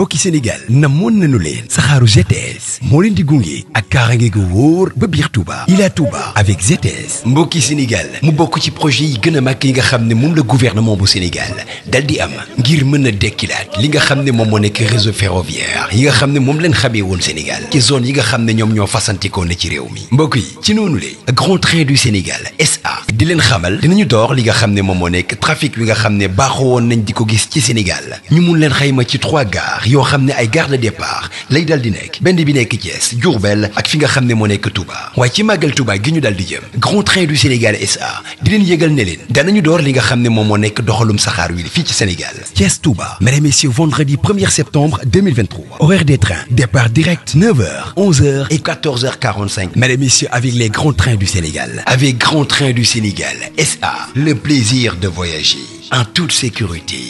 mbokki Sénégal namon nañu leen saxaru GTS mo leen di gungé ak ba Touba Ila Touba avec GTS mbokki Sénégal mu ci projet yi gëna mak yi nga gouvernement bu Sénégal dal di am ngir mëna dékilat li réseau ferroviaire yi nga xamné mom leen Sénégal ci zone yi nga xamné ne ñoo fassanti ko ne ci réew grand train du Sénégal SA di len xamal dinañu door li nga xam ne trafic bi nga xam ne won nañ gis ci Sénégal ñu mën len xeyma ci trois gares yo xam ne ay gare de départ lay dal di nek benn bi nek Thiès Diourbel ak fi nga ne Touba way ci magal Touba gi ñu dal di jëm Grand Train du Sénégal SA di len yëgal ne leen danañu door li nga ne doxalum saxar wi fi ci Sénégal Thiès Touba mesdames et messieurs vendredi 1er septembre 2023 horaire des trains départ direct 9h 11h et 14h45 mesdames et messieurs avec les grands trains du Sénégal avec Grand Train du Sénégal SA. Le plaisir de voyager en toute sécurité.